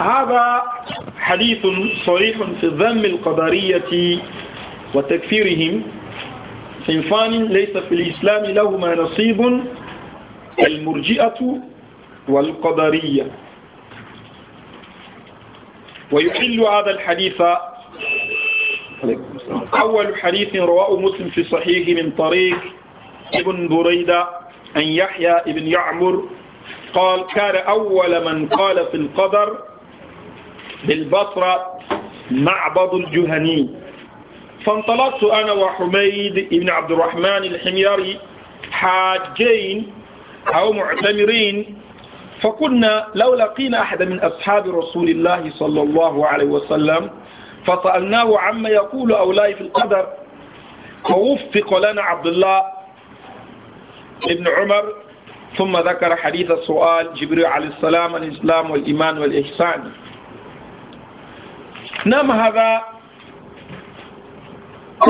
هذا حديث صريح في ذم القدرية وتكفيرهم صنفان ليس في الإسلام لهما نصيب المرجئة والقدرية ويحل هذا الحديث أول حديث رواه مسلم في صحيحه من طريق ابن بريدة أن يحيى ابن يعمر قال كان أول من قال في القدر بالبصرة معبد الجهني فانطلقت أنا وحميد بن عبد الرحمن الحميري حاجين أو معتمرين فقلنا لو لقينا أحد من أصحاب رسول الله صلى الله عليه وسلم فسألناه عما يقول أولاي في القدر فوفق لنا عبد الله بن عمر ثم ذكر حديث السؤال جبريل عليه السلام عن الإسلام والإيمان والإحسان نعم هذا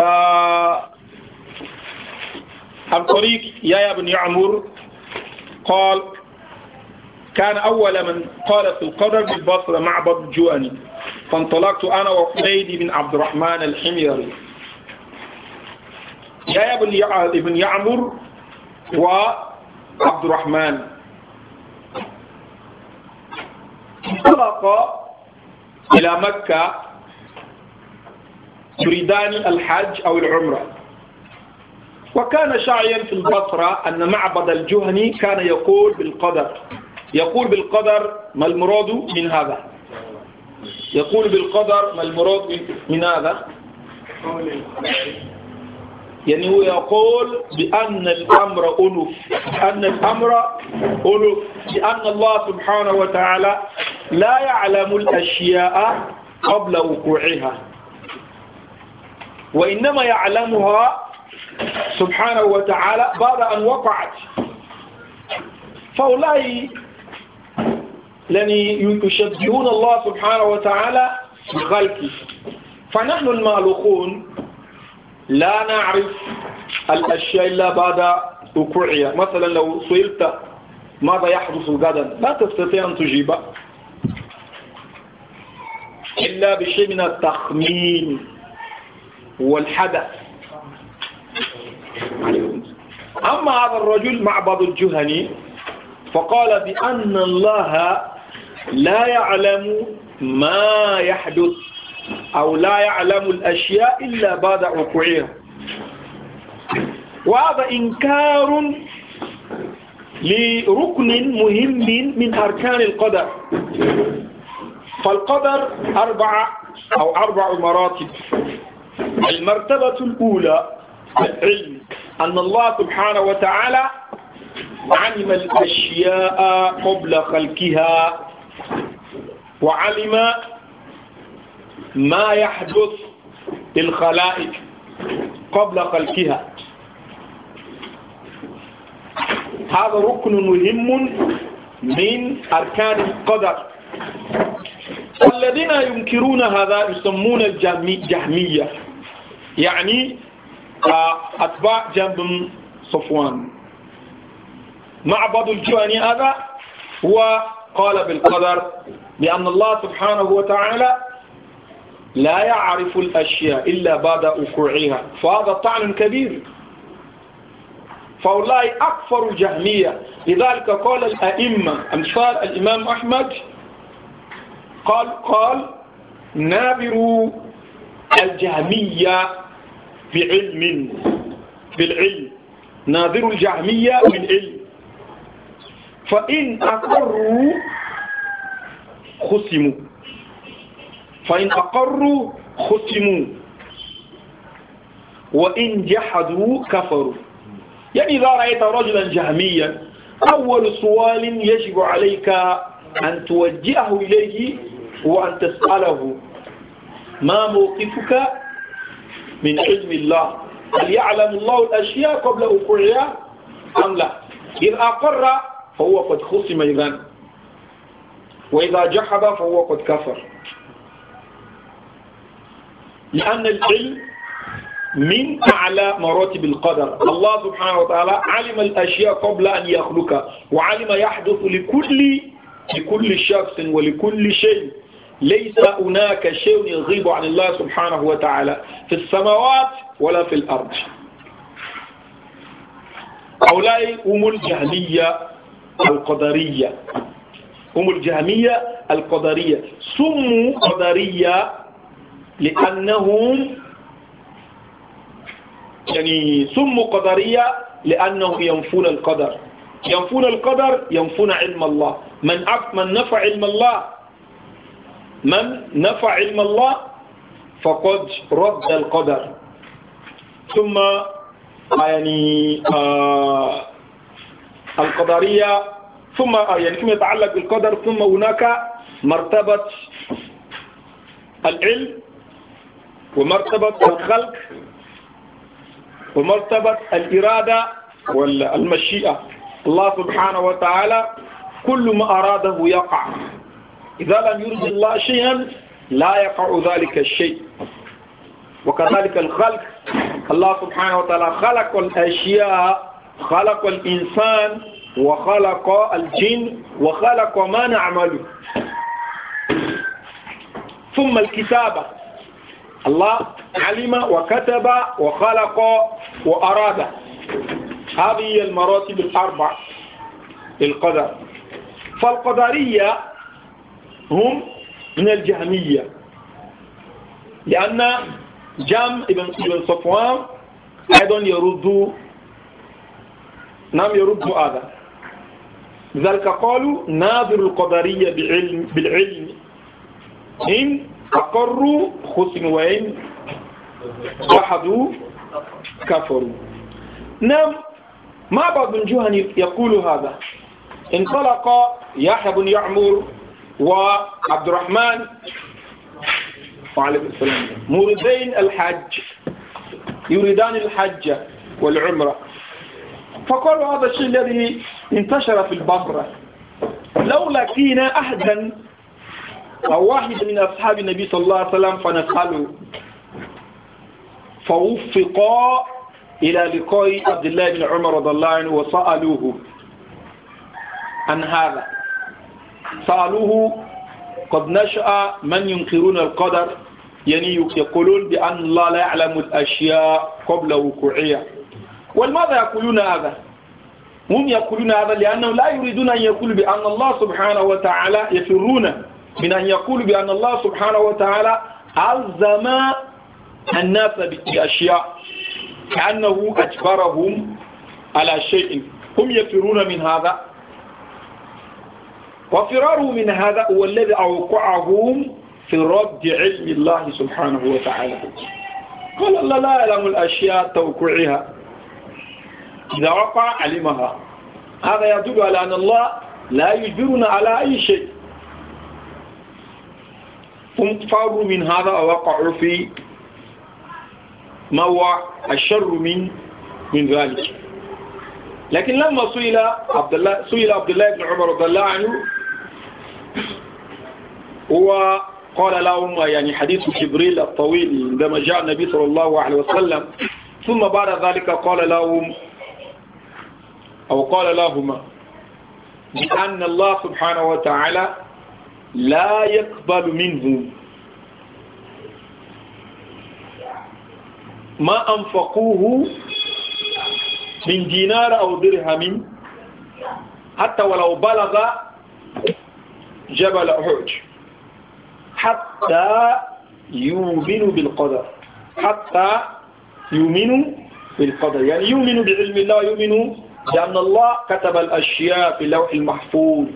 آه الطريق يا بن يعمر قال كان أول من قال في القدر بالبصرة معبد جواني فانطلقت أنا وحميدي بن عبد الرحمن الحميري يا بن يعمر و عبد الرحمن انطلق إلى مكة يريدان الحج أو العمرة وكان شاعيا في البصرة أن معبد الجهني كان يقول بالقدر يقول بالقدر ما المراد من هذا يقول بالقدر ما المراد من هذا يعني هو يقول بأن الأمر ألف أن الأمر ألف بأن الله سبحانه وتعالى لا يعلم الأشياء قبل وقوعها وإنما يعلمها سبحانه وتعالى بعد أن وقعت فأولئك لن يشبهون الله سبحانه وتعالى بخلقه فنحن المالوخون لا نعرف الأشياء إلا بعد وقوعها مثلا لو سئلت ماذا يحدث غدا لا تستطيع أن تجيب إلا بشيء من التخمين والحدث أما هذا الرجل معبد الجهني فقال بأن الله لا يعلم ما يحدث أو لا يعلم الأشياء إلا بعد وقوعها وهذا إنكار لركن مهم من أركان القدر فالقدر أربعة أو أربع مراتب المرتبة الأولى العلم أن الله سبحانه وتعالى علم الأشياء قبل خلقها وعلم ما يحدث الخلائق قبل خلقها هذا ركن مهم من أركان القدر والذين ينكرون هذا يسمون الجهمية يعني آه، أتباع جنب صفوان معبد الجواني يعني هذا هو قال بالقدر لأن الله سبحانه وتعالى لا يعرف الأشياء إلا بعد وقوعها فهذا طعن كبير فأولئك أكفر جهمية لذلك قال الأئمة أمثال الإمام أحمد قال قال نابر الجهمية بعلم بالعلم ناظروا الجهمية بالعلم فإن أقروا خصموا فإن أقروا ختموا وإن جحدوا كفروا يعني إذا رأيت رجلا جهميا أول سؤال يجب عليك أن توجهه إليه وأن تسأله ما موقفك من علم الله هل يعلم الله الأشياء قبل وقوعها أم لا إذا أقر فهو قد خصم إذا وإذا جحد فهو قد كفر لأن العلم من أعلى مراتب القدر الله سبحانه وتعالى علم الأشياء قبل أن يخلقها وعلم يحدث لكل لكل شخص ولكل شيء ليس هناك شيء يغيب عن الله سبحانه وتعالى في السماوات ولا في الأرض هؤلاء هم الجهمية القدرية هم الجهمية القدرية سموا قدرية لأنهم يعني سموا قدرية لأنهم ينفون القدر ينفون القدر ينفون علم الله من من نفى علم الله من نفى علم الله فقد رد القدر ثم آه، يعني آه القدرية ثم آه، يعني فيما يتعلق بالقدر ثم هناك مرتبة العلم ومرتبة الخلق ومرتبة الإرادة والمشيئة الله سبحانه وتعالى كل ما أراده يقع إذا لم يرد الله شيئا لا يقع ذلك الشيء وكذلك الخلق الله سبحانه وتعالى خلق الأشياء خلق الإنسان وخلق الجن وخلق ما نعمله ثم الكتابة الله علم وكتب وخلق وأراد هذه هي المراتب الأربع للقدر فالقدرية هم من الجهمية لأن جام ابن صفوان أيضا يرد نعم يرد هذا لذلك قالوا ناظر القدرية بالعلم, بالعلم إن أقروا خسن وين جحدوا كفروا نعم ما بعض بن جهن يقول هذا انطلق يحيى بن يعمر وعبد الرحمن وعليه السلام موردين الحج يريدان الحج والعمرة فقالوا هذا الشيء الذي انتشر في البصرة لولا كينا أحدا فواحد من أصحاب النبي صلى الله عليه وسلم فنسأله فوفقا إلى لقاء عبد الله بن عمر رضي الله عنه وسألوه عن هذا سألوه قد نشأ من ينكرون القدر يعني يقولون بأن الله لا يعلم الأشياء قبل وقوعها ولماذا يقولون هذا؟ هم يقولون هذا لأنهم لا يريدون أن يقولوا بأن الله سبحانه وتعالى يفرون من أن يقول بأن الله سبحانه وتعالى عزم الناس بأشياء كأنه أجبرهم على شيء هم يفرون من هذا وفراره من هذا هو الذي أوقعهم في رد علم الله سبحانه وتعالى قال الله لا يعلم الأشياء توقعها إذا وقع علمها هذا يدل على أن الله لا يجبرنا على أي شيء فاروا من هذا ووقعوا في ما هو الشر من من ذلك لكن لما سئل عبد الله سئل عبد الله بن عمر رضي الله عنه هو قال لهم يعني حديث جبريل الطويل عندما جاء النبي صلى الله عليه وسلم ثم بعد ذلك قال لهم أو قال لهما بأن الله سبحانه وتعالى لا يقبل منه ما أنفقوه من دينار أو درهم حتى ولو بلغ جبل أحج حتى يؤمن بالقدر حتى يؤمن بالقدر يعني يؤمن بعلم الله يؤمن بأن الله كتب الأشياء في اللوح المحفوظ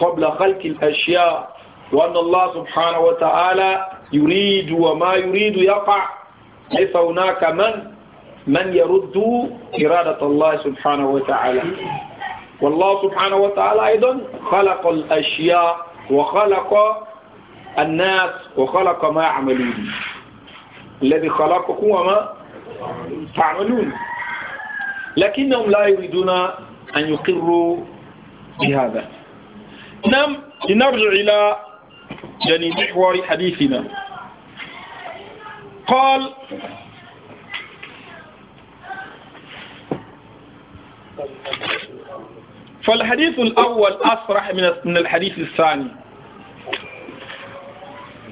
قبل خلق الأشياء وأن الله سبحانه وتعالى يريد وما يريد يقع ليس هناك من من يرد إرادة الله سبحانه وتعالى والله سبحانه وتعالى أيضا خلق الأشياء وخلق الناس وخلق ما يعملون الذي خلقكم وما تعملون لكنهم لا يريدون أن يقروا بهذا نعم لنرجع إلى يعني محور حديثنا قال فالحديث الأول أصرح من الحديث الثاني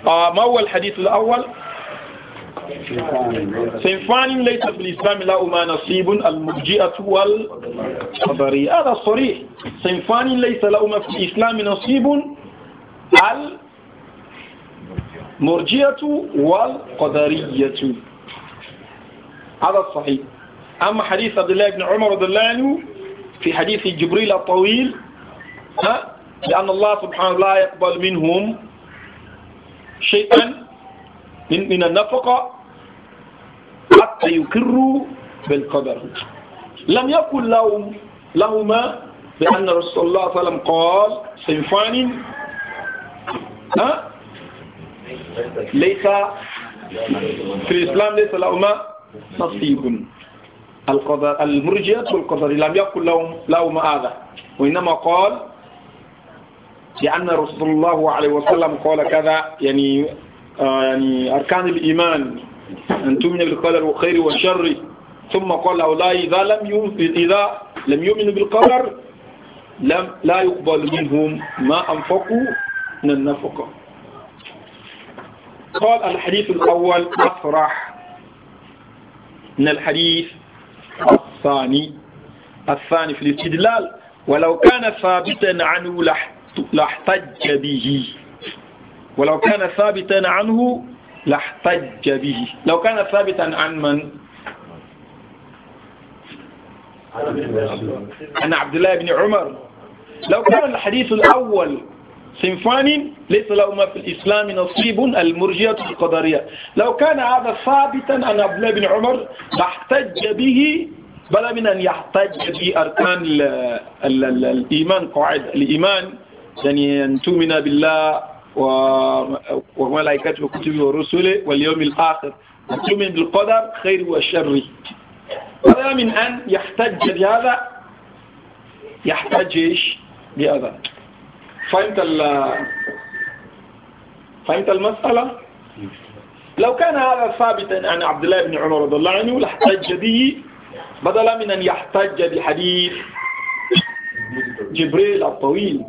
آه، ما هو الحديث الأول؟ صنفان ليس في لا لهما نصيب المرجئة والقدرية هذا صريح صنفان ليس لا لهما في الإسلام نصيب ال المرجئة والقدرية هذا صحيح أما حديث عبد الله بن عمر رضي الله عنه في حديث جبريل الطويل ها لأن الله سبحانه لا يقبل منهم شيئا من النفقة حتى يقروا بالقدر لم يقل لهم لهما بأن رسول الله صلى الله عليه وسلم قال صنفان ليس في الإسلام ليس لهما نصيب القدر المرجئة والقدر لم يقل لهم لهما هذا وإنما قال لأن رسول الله عليه وسلم قال كذا يعني آه يعني أركان الإيمان أن تؤمن بالقدر وخير وشر ثم قال هؤلاء إذا لم إذا لم يؤمنوا بالقدر لم لا يقبل منهم ما أنفقوا من النفقة قال الحديث الأول أفرح من الحديث الثاني الثاني في الاستدلال ولو كان ثابتا عنه لاحتج به ولو كان ثابتا عنه لاحتج به لو كان ثابتا عن من عن عبد الله بن عمر لو كان الحديث الأول صنفان ليس لهما في الإسلام نصيب المرجية القدرية لو كان هذا ثابتا عن عبد الله بن عمر لاحتج به بل من أن يحتج بأركان الإيمان قواعد الإيمان يعني أن تؤمن بالله وملائكته وكتبه ورسله واليوم الآخر وتؤمن بالقدر خير وشر ولا من أن يحتج بهذا يحتج إيش بهذا فهمت فهمت المسألة لو كان هذا ثابتا عن عبد الله بن عمر رضي الله عنه لاحتج به بدلا من أن يحتج بحديث جبريل الطويل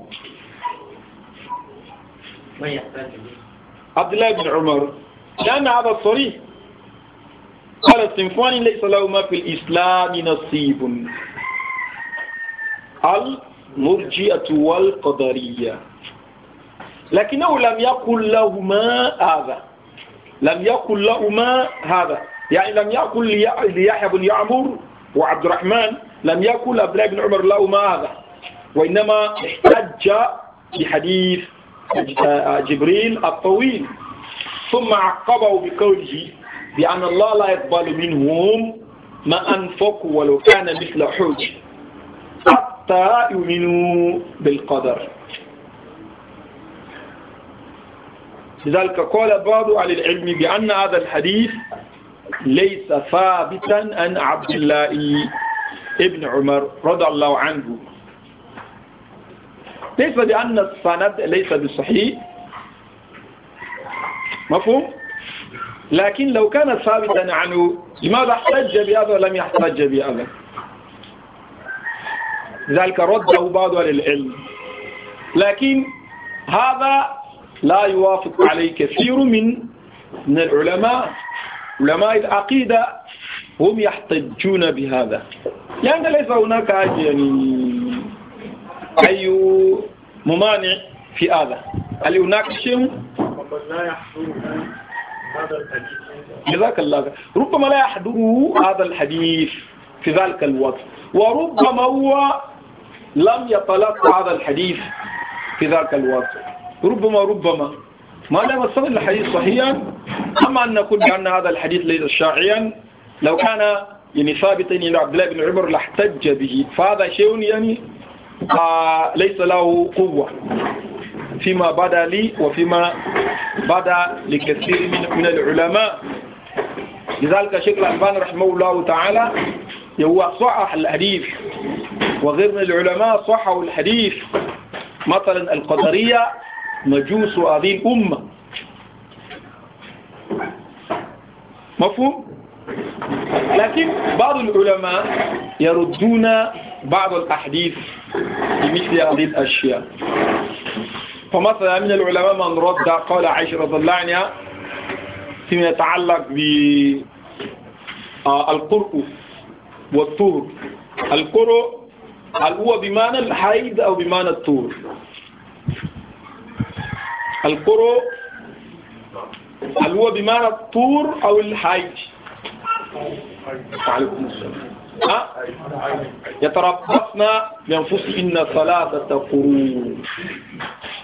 من يحتاج إليه عبد الله بن عمر لأن هذا صريح قال الصنفان ليس لهما في الإسلام نصيب المرجئة والقدرية لكنه لم يقل لهما هذا لم يقل لهما هذا يعني لم يقل ليحيى بن يعمر وعبد الرحمن لم يقل عبد الله بن عمر لهما هذا وإنما احتج بحديث جبريل الطويل ثم عقبه بقوله بأن الله لا يقبل منهم ما أنفقوا ولو كان مثل حج حتى يؤمنوا بالقدر لذلك قال بعض أهل العلم بأن هذا الحديث ليس ثابتا عن عبد الله ابن عمر رضي الله عنه ليس بأن السند ليس بالصحيح مفهوم لكن لو كان ثابتا عنه لماذا احتج بهذا ولم يحتج بهذا لذلك رده بعض اهل العلم لكن هذا لا يوافق عليه كثير من من العلماء علماء العقيدة هم يحتجون بهذا لأن ليس هناك يعني أي ممانع في هذا هل هناك شيء ربما لا يحضره هذا الحديث جزاك الله ربما لا يحضره هذا الحديث في ذلك الوقت وربما هو لم يتلقى هذا الحديث في ذلك الوقت ربما ربما ما لم يصل الحديث صحيح أما أن نقول بأن هذا الحديث ليس شاعيا لو كان يعني ثابتا عند عبد الله بن عمر لاحتج به فهذا شيء يعني ليس له قوة فيما بدا لي وفيما بدا لكثير من, من العلماء لذلك شيخ الألباني رحمه الله تعالى هو صحح الحديث وغير من العلماء صححوا الحديث مثلا القدرية مجوس هذه الأمة مفهوم؟ لكن بعض العلماء يردون بعض الأحاديث في مثل هذه الأشياء فمثلا من العلماء من رد قول عائشة رضي الله عنها فيما يتعلق بالقرء آه، والطور القرء هل هو بمعنى الحيض أو بمعنى الطور القرء هل هو بمعنى الطور أو الحيض السلام آه؟ يتربصن بأنفسهن ثلاثة قروء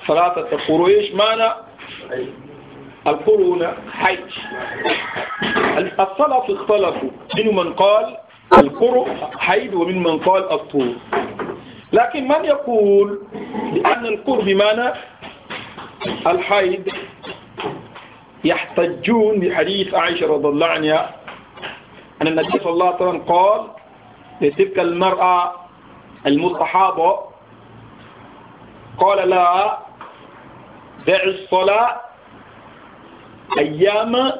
ثلاثة قروء إيش معنى القرون حيث السلف اختلفوا من من قال القرء حيد ومن من قال الطور لكن من يقول بأن القر بمعنى الحيد يحتجون بحديث عائشة رضي الله عنها أن النبي صلى الله عليه وسلم قال لتلك المرأة المصحابة قال لها دع الصلاة أيام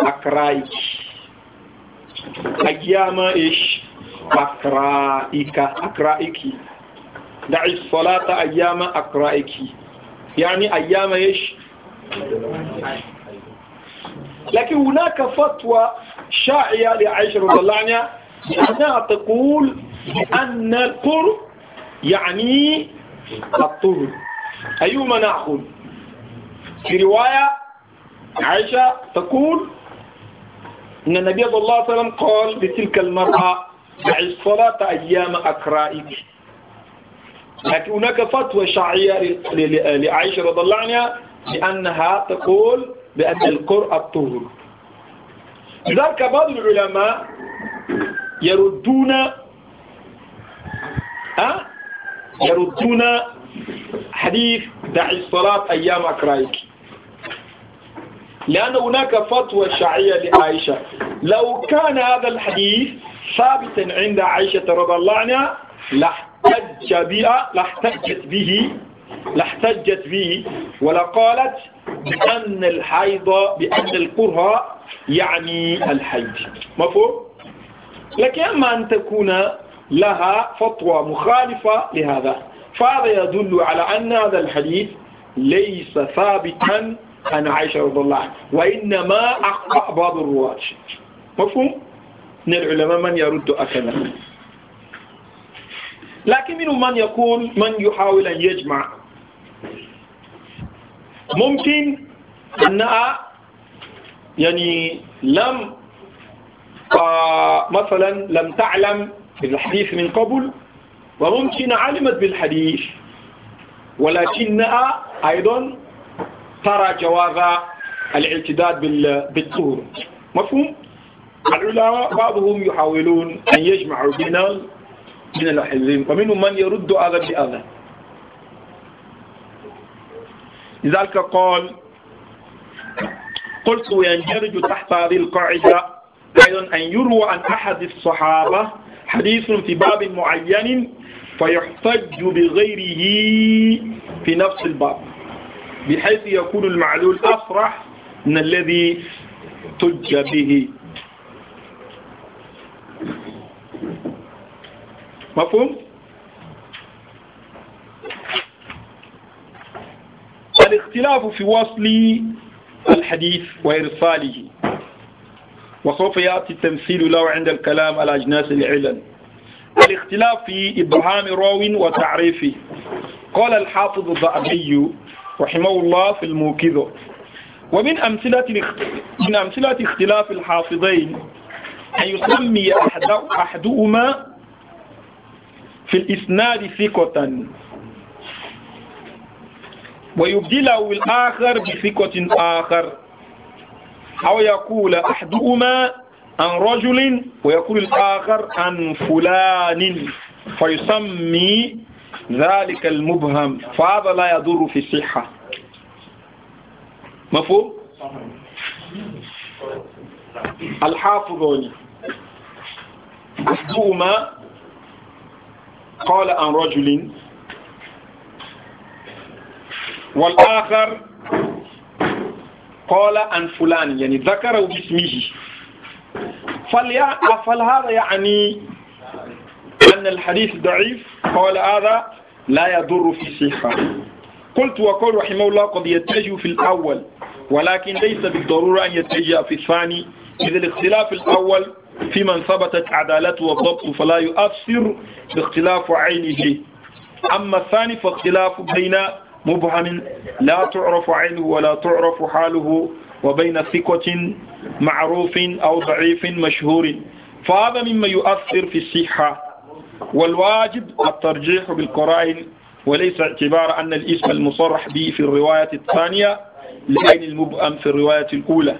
أكرائك أيام إيش أكرائك أكرائك دع الصلاة أيام أكرائك يعني أيام إيش لكن هناك فتوى شاعية لعائشة رضي الله عنها لأنها تقول أن القرب يعني الطهر أيهما نأخذ في رواية عائشة تقول أن النبي صلى الله عليه وسلم قال لتلك المرأة دع الصلاة أيام أكرائك لكن هناك فتوى شعية لعائشة رضي الله عنها بأنها تقول بأن القرء الطهر لذلك بعض العلماء يردون ها يردون حديث دع الصلاة أيام أكرائك لأن هناك فتوى شعية لعائشة لو كان هذا الحديث ثابتا عند عائشة رضي الله عنها لاحتج بها لاحتجت به لاحتجت به ولقالت بأن الحيض بأن القرى يعني الحيض مفهوم؟ لكن أما أن تكون لها فتوى مخالفة لهذا فهذا يدل على أن هذا الحديث ليس ثابتا عن عائشة رضي الله عنها وإنما أخطأ بعض الرواة مفهوم؟ من العلماء من يرد أخذا لكن منهم من يقول من يحاول أن يجمع ممكن أنها يعني لم فمثلا لم تعلم بالحديث من قبل وممكن علمت بالحديث ولكنها أيضا ترى جواز الاعتداد بالظهور مفهوم؟ العلماء بعضهم يحاولون أن يجمعوا بين من الحزين ومنهم من يرد هذا بأذى لذلك قال قلت ويندرج تحت هذه القاعدة أيضا أن يروى عن أحد الصحابة حديث في باب معين فيحتج بغيره في نفس الباب بحيث يكون المعلول أفرح من الذي تج به مفهوم؟ الاختلاف في وصل الحديث وإرساله وسوف يأتي التمثيل له عند الكلام على أجناس العلل الاختلاف في إبهام راو وتعريفه قال الحافظ الذهبي رحمه الله في الموكذ ومن أمثلة من أمثلة اختلاف الحافظين أن يسمي أحد أحدهما في الإسناد ثقة ويبدله الآخر بثقة آخر أو يقول أحدهما عن رجل ويقول الآخر عن فلان فيسمي ذلك المبهم فهذا لا يضر في الصحة مفهوم؟ الحافظون أحدهما قال عن رجل والآخر قال عن فلان يعني ذكره باسمه أفل هذا يعني أن الحديث ضعيف قال هذا لا يضر في صحة قلت وقول رحمه الله قد يتجه في الأول ولكن ليس بالضرورة أن يتجه في الثاني إذا الاختلاف الأول في من ثبتت عدالته والضبط فلا يؤثر باختلاف عينه أما الثاني فاختلاف بين مبهم لا تعرف عينه ولا تعرف حاله وبين ثقة معروف أو ضعيف مشهور فهذا مما يؤثر في الصحة والواجب الترجيح بالقرائن وليس اعتبار أن الاسم المصرح به في الرواية الثانية لعين المبهم في الرواية الأولى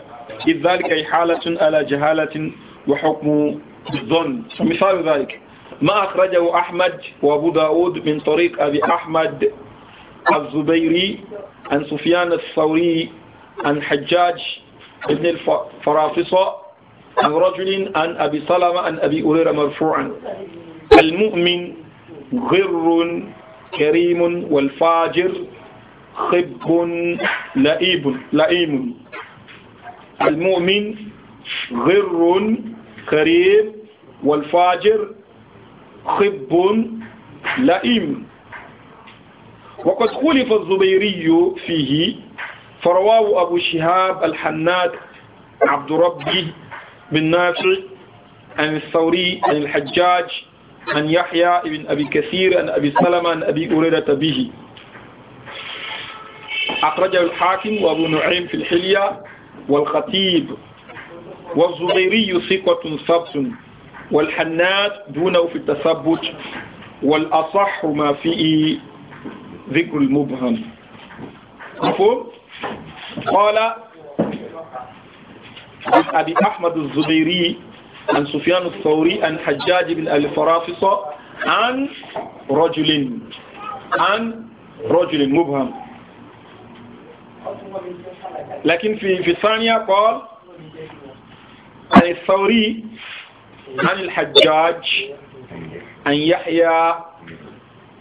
إذ ذلك إحالة على جهالة وحكم الظن فمثال ذلك ما أخرجه أحمد وأبو داود من طريق أبي أحمد الزبيري عن سفيان الثوري عن حجاج بن الفرافصة عن رجل عن أبي سلمة عن أبي هريرة مرفوعا المؤمن غر كريم والفاجر خب لئيم لئيم المؤمن غر كريم والفاجر خب لئيم وقد خلف الزبيري فيه فرواه أبو شهاب الحناد عبد ربي بن نافع عن الثوري عن الحجاج عن يحيى بن أبي كثير عن أبي سلمة عن أبي أريدة به أخرجه الحاكم وأبو نعيم في الحلية والخطيب والزبيري ثقة ثبت والحناد دونه في التثبت والأصح ما فيه ذكر المبهم مفهوم قال عن أبي أحمد الزبيري عن سفيان الثوري عن حجاج بن أبي عن رجل عن رجل مبهم لكن في في الثانية قال عن الثوري عن الحجاج عن يحيى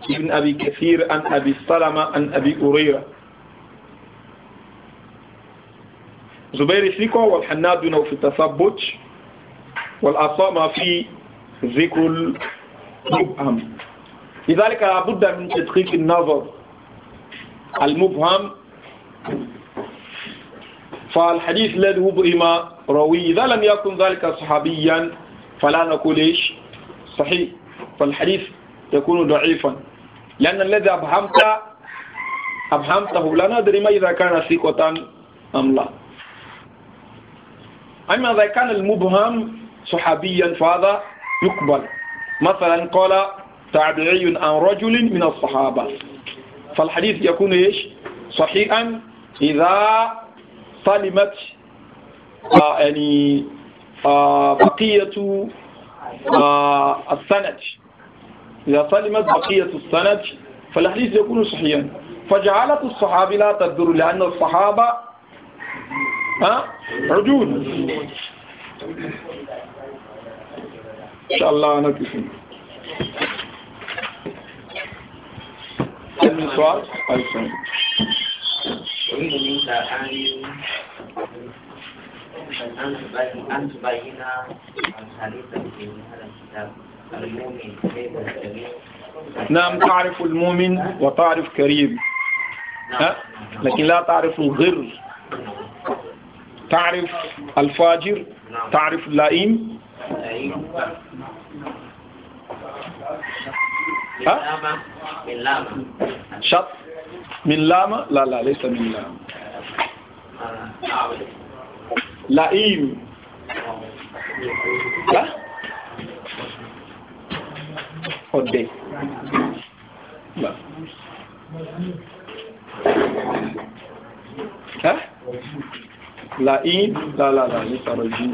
ابن أبي كثير عن أبي سلمة عن أبي أريرة زبير شيكو والحناد في التثبت والأصامة في ذكر المبهم لذلك لابد من تدقيق النظر المبهم فالحديث الذي وبهم روي إذا لم يكن ذلك صحابيا فلا نقول إيش صحيح فالحديث يكون ضعيفا لأن الذي أبهمت أبهمته لا ندري ما إذا كان ثقة أم لا أما إذا كان المبهم صحابيا فهذا يقبل مثلا قال تابعي عن رجل من الصحابة فالحديث يكون إيش صحيحا إذا سلمت آه، يعني آه، بقية آه، السند إذا سلمت بقية السند فالحديث يكون صحيحا فجعلت الصحابة لا تدر لأن الصحابة عجول إن شاء الله أنا هل من سؤال؟ أي سؤال أريد منك أن أن تبين الحديث في هذا الكتاب نعم تعرف المؤمن وتعرف كريم ها؟ لكن لا تعرف الغر تعرف الفاجر تعرف اللئيم ها؟ شط من لاما لا لا ليس من لاما لئيم لا for day. No. Huh? La in, la la la, يترجم.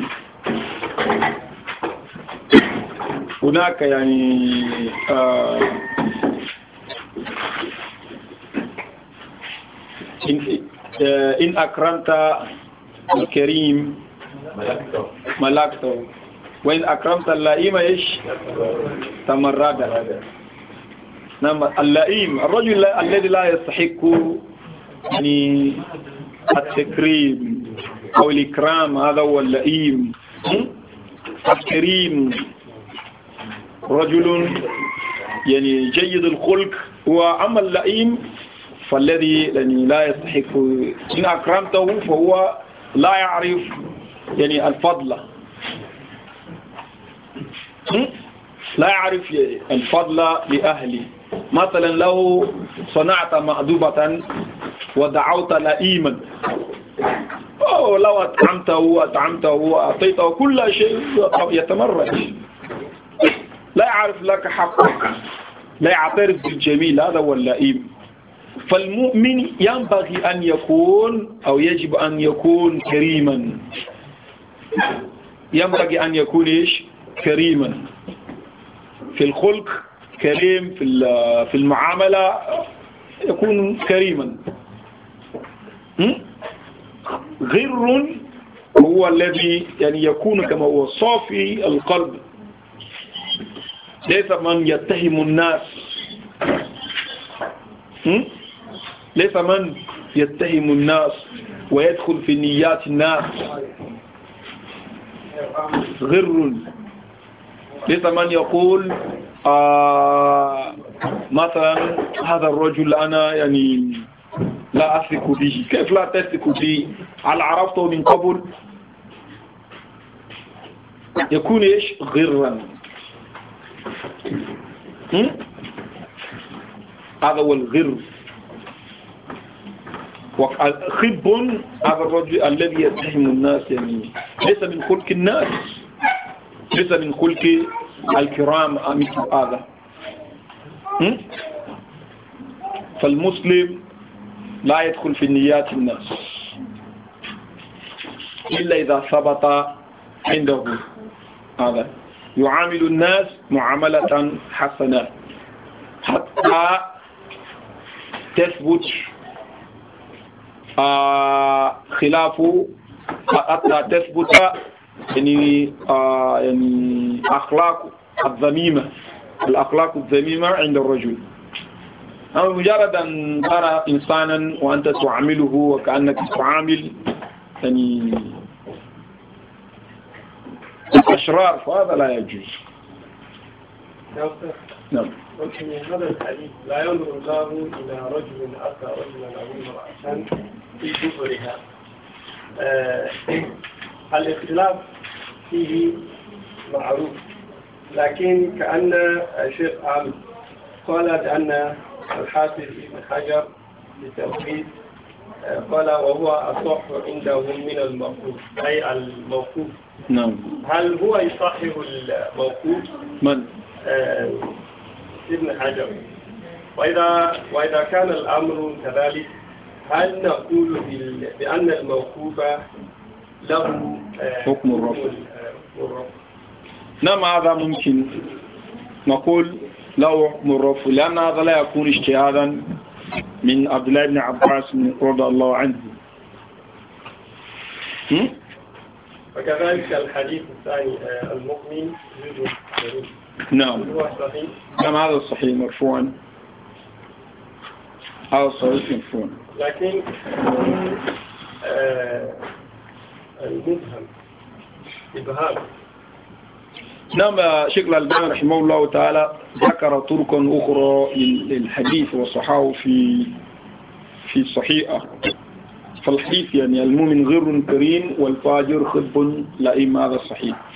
هناك يعني آه إن, آه إن أكرمت الكريم ملكته وإن أكرمت اللئيم إيش تمرد نعم اللئيم الرجل الذي لا يستحق يعني التكريم أو الإكرام هذا هو اللئيم الكريم رجل يعني جيد الخلق وأما اللئيم فالذي يعني لا يستحق إن أكرمته فهو لا يعرف يعني الفضل لا يعرف الفضل لأهلي مثلا لو صنعت مأدوبة ودعوت لئيما أو لو أطعمته وأطعمته وأعطيته كل شيء يتمرد لا يعرف لك حقك لا يعترف بالجميل هذا هو اللئيم فالمؤمن ينبغي أن يكون أو يجب أن يكون كريما ينبغي أن يكون إيش كريما في الخلق كريم في في المعاملة يكون كريما غر هو الذي يعني يكون كما هو صافي القلب ليس من يتهم الناس ليس من يتهم الناس ويدخل في نيات الناس غر ليس من يقول آه مثلا هذا الرجل أنا يعني لا أثق به كيف لا تثق به هل عرفته من قبل يكون إيش غرا هذا هو الغر وخب هذا الرجل الذي يتهم الناس يعني ليس من خلق الناس ليس من خلق الكرام مثل هذا فالمسلم لا يدخل في نيات الناس إلا إذا ثبت عنده هذا يعامل الناس معاملة حسنة حتى تثبت آه، خلاف حتى تثبت يعني آه يعني أخلاق الذميمة الأخلاق الذميمة عند الرجل أما مجرد أن ترى إنسانا وأنت تعامله وكأنك تعامل يعني الأشرار فهذا لا يجوز نعم ولكن هذا الحديث لا ينظر الله إلى رجل أتى رجلا أو امرأة في كفرها آه، الاختلاف فيه معروف لكن كأن الشيخ عامل قال بأن الحافظ ابن حجر للتوحيد آه، قال وهو أصح عندهم من الموقوف أي الموقوف نعم هل هو يصحح الموقوف؟ من؟ آه ابن حجر وإذا, وإذا كان الأمر كذلك هل نقول بأن الموقوف له آه، حكم الرفع نعم هذا ممكن نقول له حكم الرفع لأن هذا لا يكون اجتهادا من عبد الله بن عباس رضي الله عنه وكذلك الحديث الثاني آه، المؤمن نعم نعم هذا صحيح مرفوعا هذا صحيح مرفوعا لكن آه المبهم إبهام نعم شكل البيان رحمه الله تعالى ذكر طرق أخرى للحديث والصحاح في في الصحيحة فالحديث يعني المؤمن غر كريم والفاجر خب لئيم هذا الصحيح